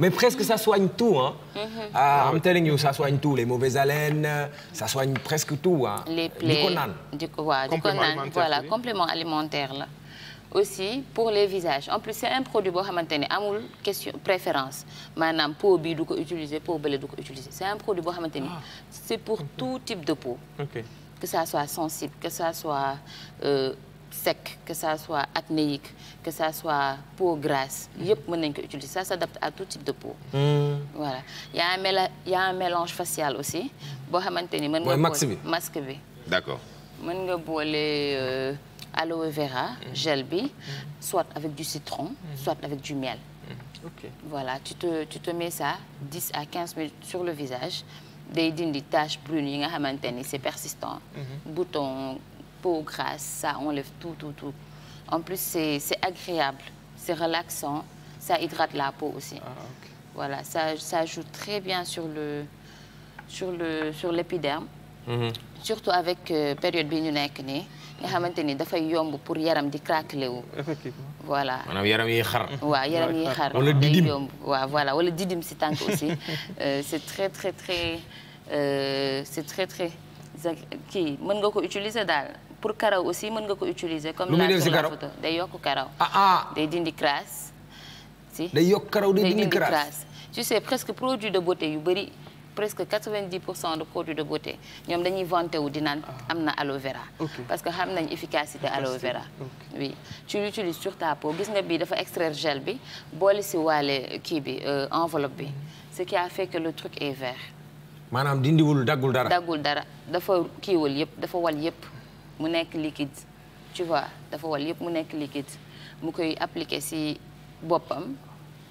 mais presque ça soigne tout hein. Mhm. ah I'm telling you ça soigne tout les mauvaises haleines ça soigne presque tout ah. les plaies di ko naan di ko waaw di ko naan voilà complément alimentaire la. aussi pour les visages en plus c'est un produit boo xamante ne amul question préférence maanaam peau bi du ko utiliser peau bële du ko utiliser c'est un produit boo xamante ni ah. c'est pour tout type de peau. ok que ça soit sensible que ça soit. Euh, sec que ça soit acnéique que ça soit peau grasse yëpp mën nañ ko utiliser sa s'adapte à tout type de peau. Hmm. voilà ya a un mélange facial aussi boo xamante ni mën nga boole masque bi d'accord mën nga boole euh, aloe vera gel bi soit avec du citron soit avec du miel hmm. ok voilà tu te tu te mets à minutes sur le visage day dindi taches brunes yi nga xamante ni c'est persistant hmm. bouton peau grasse ça enlève tout tout tout en plus c'est c'est agréable c'est relaxant ça hydrate la peau aussi ah, okay. voilà ça ça joue très bien sur le sur le sur l'épiderme mm -hmm. surtout avec euh, période bi ñu nekk nii nga xamante ni dafay yomb pour yaram di craquelé wu effectivement voilà maanaam yaram yiy xar waaw yaram yiy xar wala didim yomb waaw voilà wala didim si tànk aussi euh, c'est très très très euh, c'est très très kii mën nga ko utiliser daal pour karaw aussi mën nga ko utiliser. comme la photo day yokk karaw. ah ah day dindi crasse. si day yokk karaw day dindi crasse. tu sais presque produit de beauté yu bëri presque 90 pour cent de produits de beauté ñoom dañuy vanté wu di naan ah. am na aloe vera. parce que xam nañ efficacité aloe vera. Okay. oui tu l'utilises sur gis nga bii dafa extraire gel bi boole si waale kii bi euh, enveloppe bi mm-hmm. ce qui a fait que le truc est vert. maanaam dindiwul daggul dara. daggul dara dafa kiiwal yëpp dafa wal yëpp. mu nekk liquide tu vois dafa wal yëpp mu nekk liquide mu koy appliquer ci boppam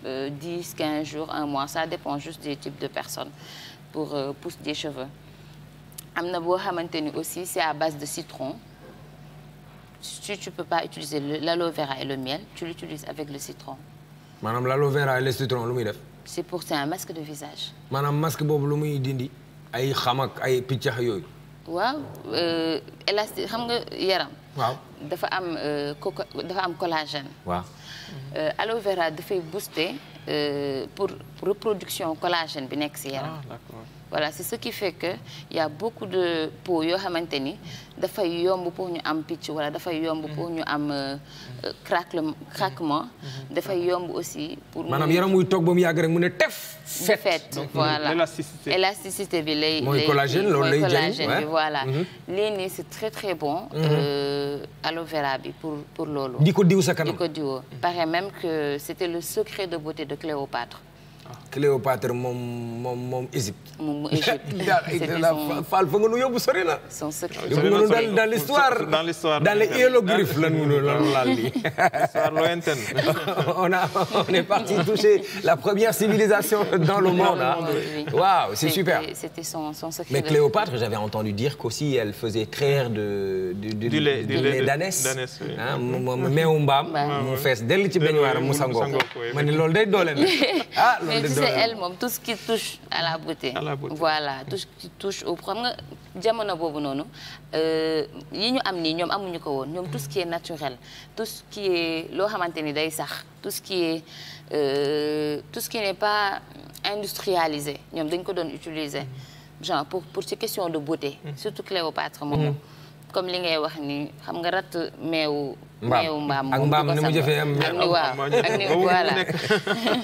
euh, dix quinze jours un mois ça dépend juste des types de personne pour euh, pousse des cheveux am na boo xamante ni aussi c'est à base de citron si tu peux pas utiliser l'aloe vera et le miel tu l'utilises avec le citron maanaam l'aloe vera et le citron lu muy def c'est pour c'est un masque de visage maanaam masque boobu lu muy dindi ay xamak ay piccax yooyu waaw euh, élastique xam nga yaram. waaw dafa am euh, coco dafa am collagène. waaw euh, aloe vera dafay booster pour reproduction collagène bi nekk ci yaram. Ah, voilà c'est ce qui fait que y a beaucoup de peaux yoo xamante ni dafay yomb pour ñu am picc wala dafay yomb mhm. pour ñu am euh, euh, mhm. craquement craquement mhm. dafay yomb aussi pour maanaam yaram muy toog ba mu yàgg rek mu ne tef fet voilà euh, élasticité élasticité bi lay mooy collagène loolu lay collagène bi voilà lii nii c'est très très bon aloe vera bi pour pour loolu di ko diw sa kanam di ko diwoo paraît même que c'était le secret de beauté de Cléopâtre ah. Cléopâtre moom moom moom Égypte. moom mu Égypte Fall fa nga nu yóbbu sori na. son secret yóbbu nga nu dans dans l'histoire dans l'histoire dans les hiéroglyphes lan mu lan laal lii. histoire lointaine. on a on est parti toucher la première civilisation dans le monde ah. waaw c'est super. c'était son son secret. mais Cléopâtre j'avais entendu dire qu'aussi elle faisait traire de du du du lait d'ânesse. d'ânesse oui ah mu meewu mbaam. mu fees dellu ci baignoire mu sangoo. ma ne loolu day doole ah loolu c'est elle moom tout ce qui touche à la beauté. à la beauté voilà tout ce qui touche au xam nga jamono boobu noonu euh, yi ñu am nii ñoom amuñu ko woon ñoom tout ce qui est naturel tout ce qui est loo xamante ni day sax tout ce qui est euh, tout ce qui n'est pas industrialisé ñoom dañ ko doon utiliser genre pour pour ci question de beauté. Mm. surtout Cléopâtre moom. Mm. comme li ngay wax ni xam nga ratt meewu. meewu mbaam ak mbaam ni mu jëfee am. ak ni waaw ak ni voilà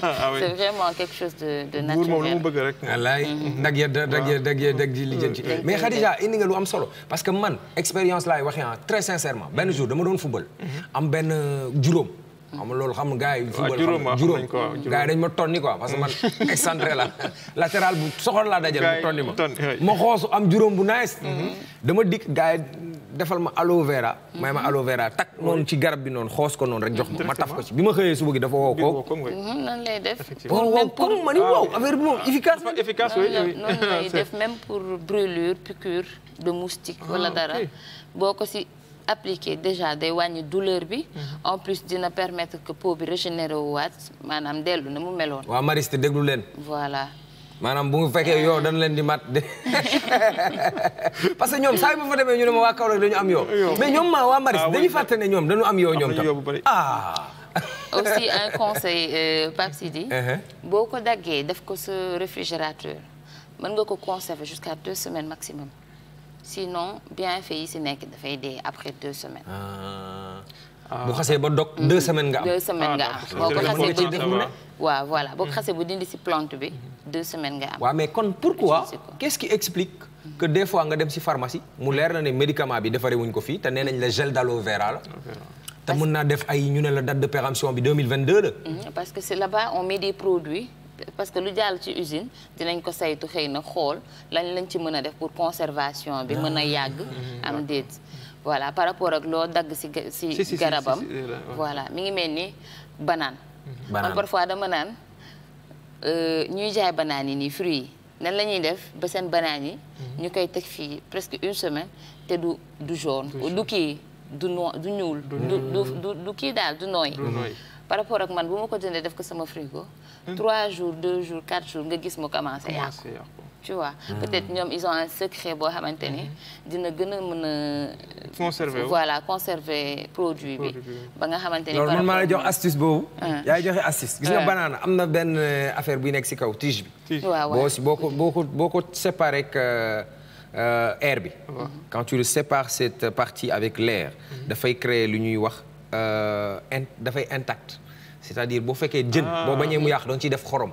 ah c'est vraiment quelque chose mu bëgg rek. wallaay mhm. dag ya dag ya dag ya dag ji li jëm ci. mais Khadija indi nga lu am solo parce que man expérience laay waxee ah très sincèrement benn jour dama doon football. Mhm. am benn euh, juróom. Mhm. xam loolu xam nga gars yi. football juróom gars dañ ma tonni quoi parce que man excentré la latéral bu soxor laa dajal ma tonni ma. ma xoosu am juróom bu nice. dama dikk gars defal ma aloe vera. may ma aloe vera takk mm-hmm. noonu ci garab bi noonu xoos ko noonu rek jox ma ma taf ko ci bi ma xëyee suba gi dafa woo ko. Mm-hmm, noonu lay def même pour brûlure piqûre de moustique. Ah, wala dara boo ko si appliqué déjà day wàññi douleur bi. Mm-hmm. en plus dina permettre que po bi régénérer waat maanaam dellu na mu meloon. waa Mariste déglu leen. voilà. maanaam bu fekkee ah. yoo dañ leen di mat de parce que ñoom saa yu ma fa demee ñu ne ma waa Kaolack dañu am yoo mais ñoom maa waa Maris ah, dañuy fàtte ñoom dañu am yoo ñoom tam ah aussi un conseil euh, di Sidi uh-huh. boo ko daggee def ko sa réfrigérateur mën nga ko conserver jusqu'à deux semaines maximum sinon bienfait yi si nekk dafay dee après deux semaines ah. bu xasee ba dog deux mm-hmm. semaines nga am. deux semaines nga am ah, boo ko xasee ba dindi waaw voilà si plante bi mm-hmm. deux semaines nga am. waaw mais kon pourquoi qu'est-ce qui explique mm-hmm. que des fois nga dem si pharmacie mu leer la ne médicament bi defaree wuñ ko fii te nee nañ la gel d'aloe vera la. te mën naa def ay ñu ne la date de péremption bi 2022 la. parce que c'est là-bas on met des produits. parce que lu jàll ci usine dinañ ko saytu xëy na xool lañ lañ ci mën a def pour conservation bi ah. mën a yàgg voilà par rapport ak loo dagg si si garabam voilà mi ngi mel ni banaan mhm. man parfois dama naan euh, ñuy jaay banaan yi nii fruits yi nan la ñuy def ba seen banaan yi mhm. ñu koy teg fii presque une semaine te du du jaune du kii du no du ñuul du du kii daal du nooy par rapport ak man bu ma ko jëndee def ko sama frigo hmm. trois jour deux jour quatre jour nga gis mu commencé yàqu tu vois. Hmm. peut ñoom ils un secret boo xamante ni hmm. dina gën a mën a. conserver voilà conserver produit bi. ba nga xamante ni. loolu maa lay jox astuce boobu. Hmm. yaay joxe astuce. gis na banaana am na benn euh, affaire buy nekk si kaw tige bi. waaw waaw boo ko boo ko boo ko séparé ak euh, euh, air bi. Ah quand tu le sépares cette partie avec l'air dafay créer lu ñuy wax in dafay intact. c'est-à-dire boo fekkee jën ah. boo bañee mu yàq da nga def xorom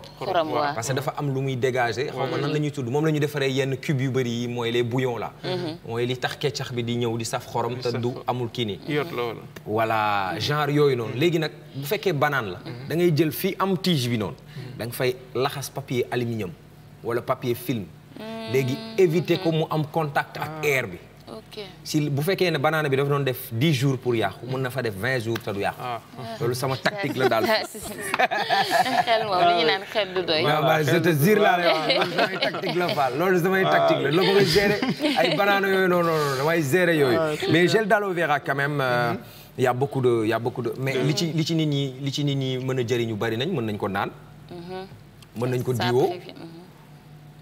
parce que dafa am lu muy dégager xaw ma mm-hmm. nan la ñuy tudd moom la ñu defaree yenn cube yu bëri yi mooy les bouillons là mm-hmm. mooy li tax keccax bi di ñëw di saf xorom te du amul kii nii voilà mm-hmm. genre yooyu noonu léegi nag bu fekkee banaan la dangay jël fii am tige bi noonu da fay laxas papier aluminium wala papier film léegi éviter ko mu am contact ak ah. air bi si bu fekkee ne banaana bi dafa doon def 10 jours pour yàqu mën na fa def 20 jours te du yàqu. Ah. loolu sama tactique la daal. xel moom li ñu naan xel du doy. je te jure la samay tactique la faal loolu samay tactique la loolu mooy ah. gérer ay banaana yooyu non non non damay gérer yooyu. Ah, mais gel d'aloe vera quand même. Euh, mm-hmm. y a beaucoup de y a beaucoup de mais mm-hmm. li ci li ci nit ñi li ci nit ñi mën a jëriñu bari nañ mën nañ ko naan. Mm-hmm. mën nañ ko diwoo.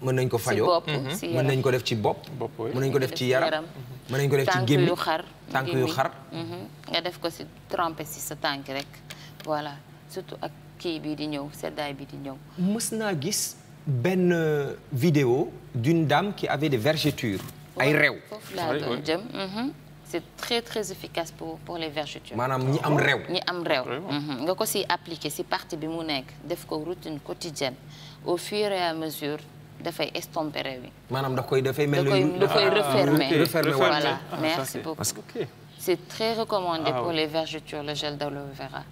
mën nañ ko fajoo mhm. mën nañ ko def ci bopp mën nañ ko def ci yaram mën nañ ko def ci gémmi tànk yu xar mhm. nga def ko si trempé si sa tànk rek voilà surtout ak kii bi di ñëw seddaay bi di ñëw mës naa gis benn vidéo d'une dame qui avait des vergetures ay rew foofu laa jëm mhm. c'est très très efficace pour les vergetures maanaam ñi am rew ñi am rew nga ko si appliquer si partie bi mu nekk def ko routine quotidienne au fur et à mesure dafay estomper réew maanaam koy dafay mel ni. da koy ah, refermer voilà merci ah, beaucoup. c'est très recommandé ah, pour les vergetures le gel d'aloe vera.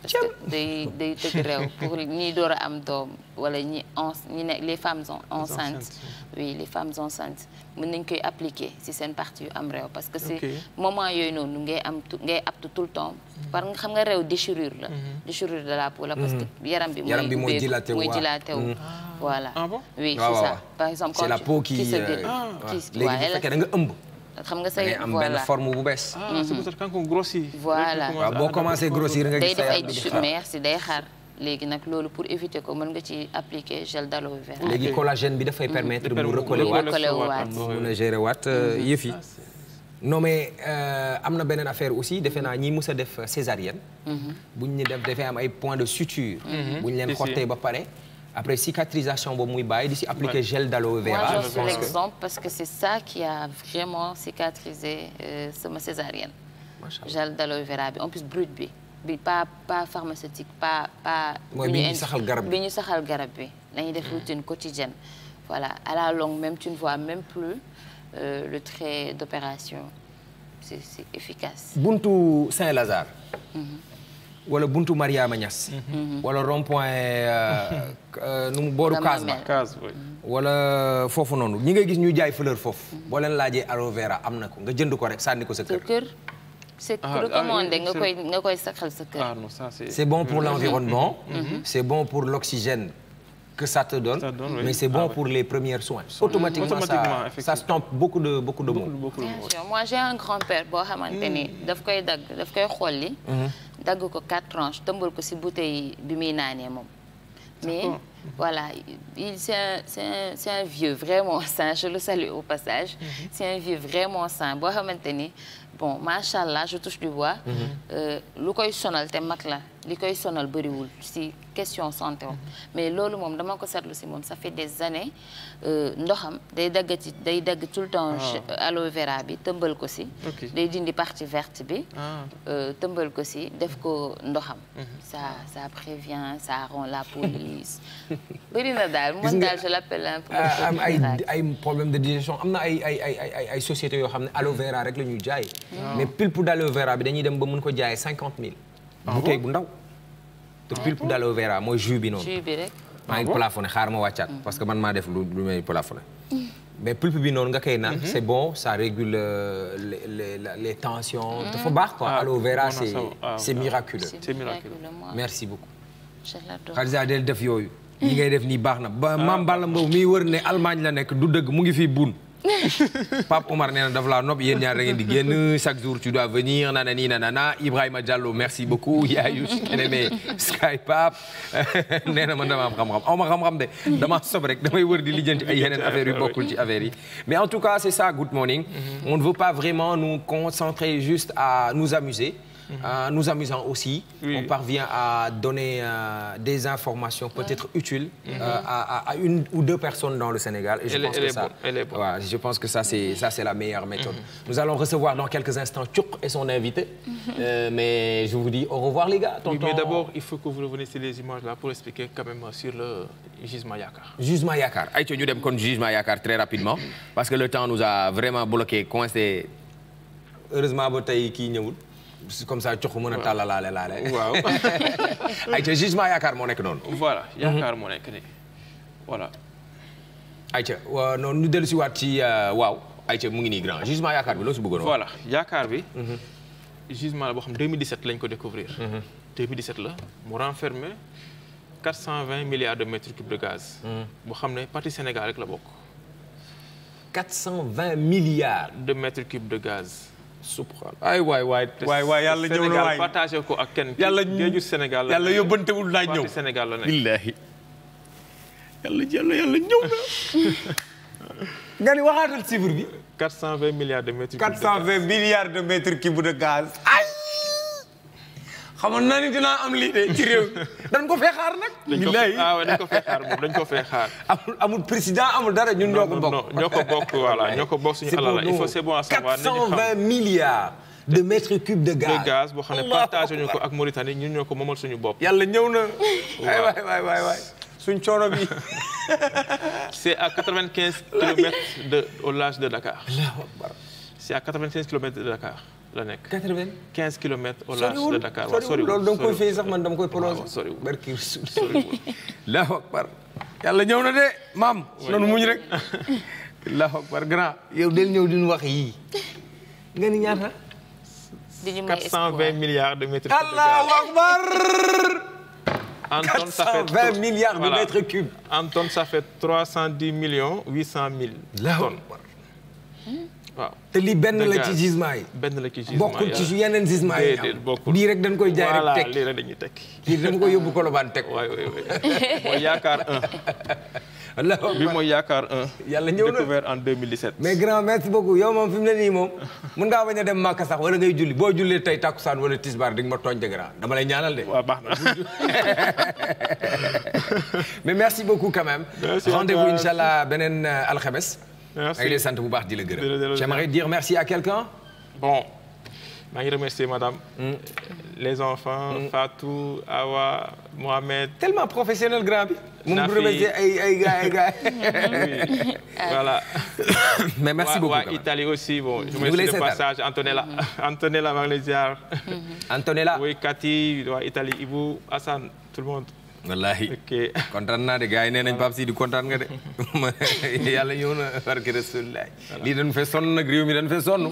parce que day day tëgg pour ñi door am doom wala ñi en ñi ne les femmes enceintes oui les femmes enceintes mën nañ koy appliquer si seen partie yu am réew parce que si moment yooyu noonu ngay am ngay aptu tout le temps parce que xam nga réew déchirure la mhm. déchirure de la mhm. bi mooy jilatew waa ah bon oui ah, c'est la peau qui qui se euh, délie. Ah. da nga ëmb. xam nga say am benn forme bu bees. ah c'est pour ça waaw boo commencé grossir nga gis day def ay merci day xaar. léegi nag loolu pour éviter ko mën nga ci appliquer gel d'aloe vera. Ah, léegi collagène bi dafay mm-hmm. permettre mu recoller waat mën a gérer waat euh, mm-hmm. yëf yi. non mais euh, am na beneen affaire aussi defe naa ñi mus a def césarienne. Mm-hmm. buñ ñu def dafay am ay point de suture. buñ leen xottee ba pare. après cicatrisation boobu muy bàyyi di si appliquer gel d'aloe vera. moi je suis l'exemple parce que c'est ça qui a vraiment cicatrisé euh, sama césarienne. macha allah gel d'aloe vera bi bi. bi pas pas pharmaceutique pas pas. mooy bi ñu saxal garab bi ñu saxal garab bi. dañuy def mm. routine quotidienne voilà à la longue même tu ne vois même plus euh, le trait d'opération c'est c'est efficace. Buntu Saint-Lazare. Mm-hmm. wala buntu Mariama Niass. Mhm. wala rond point euh, euh, nu mu booru Kaas ba. Mhm. wala foofu noonu ñi ngay gis ñu jaay fleur foofu. boo leen laajee aloe vera am na ko nga jënd ko rek sànni ko sa kër. Ah, ah, c'est recommandé nga koy nga koy saxal sa kër. Ah, c'est bon pour mhm. l'environnement. c'est bon pour l'oxygène. que ça te donne, c'est bon ah pour les premiers soins. automatiquement, automatiquement ça beaucoup de monde. beaucoup de grand-père boo xamante ni mm. daf koy dagg daf koy xolli. Mm-hmm. dagg ko quatre tranches ko si bouteille bi muy naanee moom. mais voilà il c'est un vieux vraiment sain je le salue au passage. Mm-hmm. c'est un vieux vraiment sain boo xamante ni bon machalla allah je touche du bois. Mm-hmm. Euh, lu koy sonal te mag la. li koy sonal bëriwul si question santé om mm-hmm. mais loolu moom dama ko seetlu si moom ça fait des années euh, ndoxam day dagg ci day dagg tout le temps ah. aloe vera bi tëmbal ko si day dindi partie vert bi ah. euh, tëmbal ko si def ko ndoxam mm-hmm. ça ça prévient sa rend la police bëri na daal man daal je l'appelle un ah, am ay ay problème de digestion am na ay ay ay ay ay sociétés yoo xam ne aloe vera rek la ñuy jaay mm-hmm. mais pulpe d'aloe vera bi dañuy dem ba mun ko jaay cinquante mille Ah bouteille bu ndaw ah te pulpe d'aloe vera mooy jus bi noonu jus bi maa ah ngi plafonné xaar ma wàccaat mm. parce que man maa def lu lu may plafonné mm. mais pulpe bi noonu nga koy naan mm-hmm. c'est bon ça régule euh, les les, les tensions mm. dafa baax ko aloe vera c'est c'est miraculeux c'est miraculeux merci beaucoup def yooyu li ngay def nii baax na ba maam Balla Mbow miy wër ne Allemagne la nekk du dëgg mu ngi fii buun Pape Omar nee na daf laa nopp yéen ñaar da ngeen di génn chaque jour tu dois venir nanani nanana Ibrahima Diallo merci beaucoup Yayoush Kénémé Sky Pape nee na man dama am xam-xam aw ma xam-xam de dama sob rek damay wër di lijjanti ay yeneen affaires yu bokkul ci affaires yi mais en tout cas c'est ça good morning mm-hmm. on ne veut pas vraiment nous concentrer juste à nous amuser Mhm. en euh, nous amusant aussi on parvient à donner euh, des informations peut-être utiles mhm. euh, à une ou deux personnes dans le Sénégal et je pense que mhm. ça c'est la meilleure méthode nous allons recevoir dans quelques instants Tchouk et son invité mais je vous dis au revoir les gars tonton mais que vous reveniez sur les images pour expliquer quand même sur le gisement Yaakaar gisement Yaakaar ñu dem kon gisement Yaakaar très rapidement parce que le temps nous a vraiment bloqué coincé heureusement ba tey kii ñëwul comme ça coxu mën a tàlla laale laale. waaw ayca jugement yaakaar moo nekk noonu. voilà mhm. yaakaar moo nekk nii voilà. ayca noonu ñu dellu si waat ci euh, waaw ayca mu ngi nii grand jugement yaakaar bi loo si bëggoon voilà yaakaar bi. Mhm. jugement la boo xam 2017 lañ ko découvrir. 2017 mhm. la mu renfermer 420 milliards de mètres cubes de gaz. boo xam ne partie Sénégal rek la bokk. 420 milliards. de mètres cubes de gaz. subxan ay waay waay. waay waay yàlla ñëw na waay Sénégal partagé ko ak kenn. yàlla géeju Sénégal la yàlla yóbbantewul naaj ñëw Sénégal la nekk. billaahi yàlla yàlla yàlla ñëw na. nga ni waxaatal chiffre bi. 420 milliards de mètres cubes de gaz 420 milliards de mètres xamoon naa ni dinaa am lii de ci ko fee xaar nag. billaay ah dañ ko fee xaar moom dañ ko fee amul président amul dara ñun ñoo ko bokk. ñoo ko bokk voilà ñoo ko bokk suñu alal la il faut c'est bon à milliards. de mètres cubes de gaz de boo xam ne partagé ko ak Mauritanie ñun ñoo ko moomal suñu bopp. yàlla ñëw na. waaw waay waay waay waay suñ coono bi. à 95 kilomètres de au large de Dakar. Allahu akbar. c'est à 95 kilomètres de Dakar. la nekk. quatre-vingt quinze kilomètres au large de Dakar waaw soriwul loolu da nga koy fay sax man dama koy prolongé. soriwul barki soriwul. Allahu akbar yàlla ñëw na de maam. nanu muñ rek. Allahu akbar grand. yow del ñëw di ñu wax yii. nga ni ñaata. di ñu may espoir 420 milliards de mètres cubes. Allahu akbar. en tonne ça fait 420 milliards de mètres cubes. en tonne ça fait 310 millions 800 mille tonnes. waaw te lii benn la ci gisement yi. benn la ci gisement yi bokkul ci yeneen gisement yi. déedéet bokkul lii rek dañ koy jaay rek teg voilà lii rek dañuy teg. kii dama koy yóbbu Colobane teg. waay waay waay mooy yaakaar un. bi mooy yaakaar un. yàlla ñëw na découvert en 2017. mais grand merci beaucoup yow moom fi mu ne nii moom mën ngaa bañ a dem Màkka sax wala ngay julli boo jullee tey takkusaan wala tisbaar di nga ma tooñ de grand dama lay ñaanal de. waaw baax na. mais merci beaucoup quand même. rendez-vous incha allah beneen euh, alxames. merci maa ngi sant bu baax di la gërëm. j'aimerais dire merci à quelqu'un bon maa ngi remercier madame. Mm. les enfants. Mm. Fatou Awa Mohamed. tellement professionnel grand Nafi mu remercier ay ay gars mais merci beaucoup. waa Italie Antonella. Mm-hmm. Antonella mm-hmm. Antonella. oui Cathy waa Italie tout le monde. wallahi kontaan naa de gars yi nee nañ Pape Sidi kontaan nga de yàlla ñëw na barke rasulilahi lii dañ fee sonn nag réew mi dañ fee sonn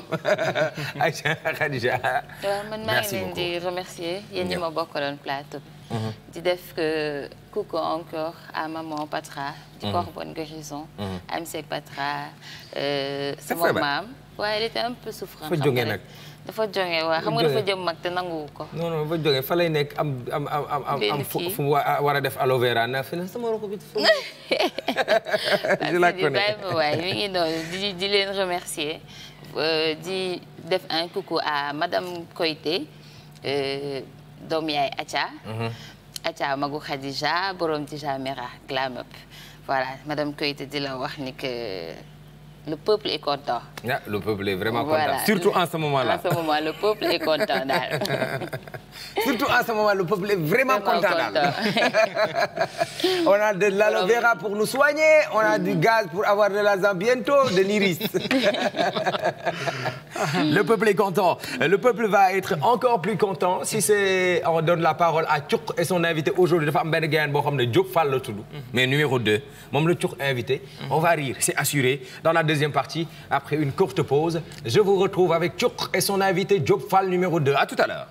Aïcha Khadija waaw euh, man maa ngi di remercier yéen ma bokkaloon plateau mhm. di def que encore à maman Patra di ko wax bonne guérison mhm. am seeg Patra euh, sama maam waaye elle était un peu souffrant dafa jóge waaw xam nga dafa jëm mag te nanguwu ko. non non dafa jóge fa lay nekk am am am am am fu mu war a def aloe vera na fi na sama roko bi. di la ko ne waaye mi ngi noonu di di leen remercier euh, di def un coucou à madame Koité euh, doom yaay Acha. Mhm. Acha Magu Khadija borom Dija Mera Glam Up voilà madame Koité di la wax ni que. le peuple est content. Yeah, le peuple est vraiment voilà. content surtout le, en ce moment là. en peuple est vraiment, content on a de l'aloe pour nous soigner on a du gaz pour avoir de l'argent bientôt de l'iris. le peuple est content le peuple va être encore plus content si c'est on donne la parole à Thiouk et son invité aujourd'hui dafa am benn gayan boo ne Diop Fall la tudd. Mm-hmm. mais numéro 2 moom la Thiouk invité. Mm-hmm. on va rire c'est assuré dans la deuxième partie après une courte pause. Je vous retrouve avec Tchouk et son invité Diop Fall numéro À tout à l'heure.